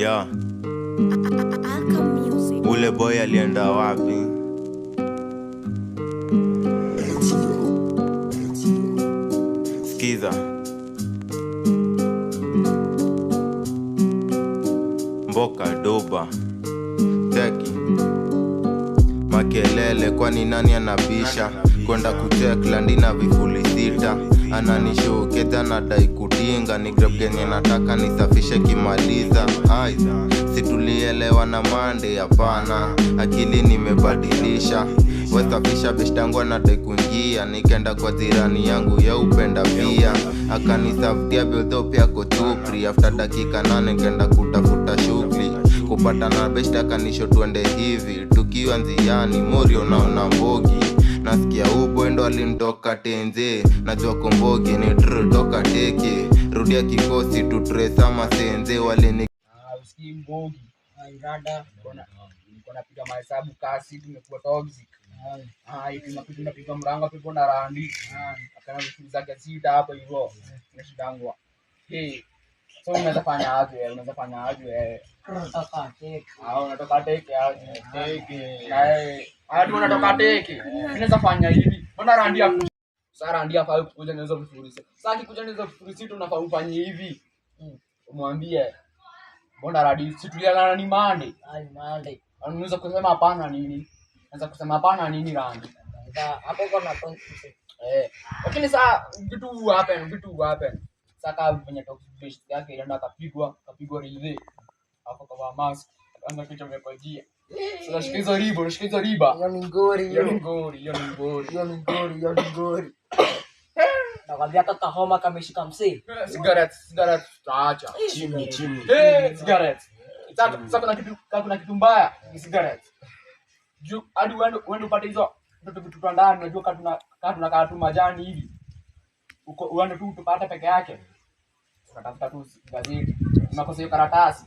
Yeah. Ule boy alienda wapi? Skiza. Mboka doba. Teki. Makelele kwani nani anabisha? Kwenda kutekland na vifuli sita ananishoketa na dai kudinga ni grab genye nataka nisafishe kimaliza mawaidha, situlielewa na mande, hapana. Akili nimebadilisha, wesafisha beshtangu anatekuingia, nikaenda kwa jirani yangu ya upenda pia, akanisaftia bildo pia kotupri. After dakika nane nikaenda kutafuta shughuli kupata na beshta, kanisho tuende hivi, tukiwa nziani mori naona mbogi nasikia uboy ndo alimtoka tenze najua kumbogi ni dr teke rudia kikosi tutresa masenze walini si mbogi ah, irada niko napiga mahesabu kasi tumekuwa toxic tunapiga mlango pepo na randi akana zake sita hapo hivyo na nashidangwa eh, so unaweza fanya aje unaweza fanya aje unatoka teke hatu ah, unataka teke ah, eh. unaweza fanya hivi mbona randi sasa randi hapa kukuja niweza kufurisi sasa akikuja niweza kufurisi tunafaa ufanye hivi hmm, umwambie mbona radi situliana nani mande ai mande yaani anaweza kusema hapana nini anaweza kusema hapana nini radi hapo kwa kuna confusion eh lakini saa vitu hapa ni vitu hapa saka kwenye top toxic yake ilienda kapigwa kapigwa rive hapo kwa mask akaanza kwa kimekojia sasa shikizo hizo shikizo shika hizo riba hiyo ngori hiyo ngori hiyo ngori hiyo ngori hiyo ngori nakwambia kaka homa kama ishika hamsini tutaacha chini chini sasa kuna kitu mbaya ni cigarette juu hadi uende upate hizo vitu twa ndani unajua kaa tunakaa tu majani hivi uende tu tupate peke yake tunatafuta tu gazeti unakosa hiyo karatasi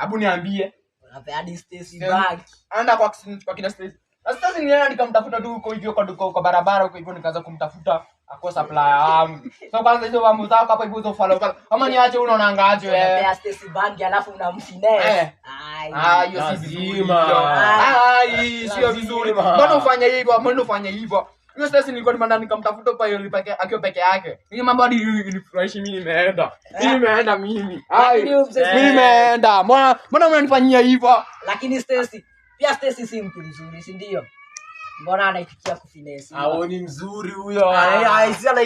hebu niambie anaenda kwa, kwa kina Stacy sasa nienda nikamtafuta tu huko hivyo kwa kwa barabara huko hivyo nikaanza kumtafuta ako supplier wangu. So kwanza hizo mambo zako hapo hivyo follow kama ni niache uno aje wewe? Unapea stesi bag alafu unamfinesse. Eh. Ah, hiyo si vizuri. ayo ah, si vizuri. Mbona ufanya hivyo? Mbona ufanya hivyo? hiyo stress nilikuwa nimeenda nikamtafuta pa yule peke mimi eh. mimi mimi ai mimi mbona lakini pia mzuri si mbona anaifikia kufinesi aoni mzuri huyo ah, eh, ah,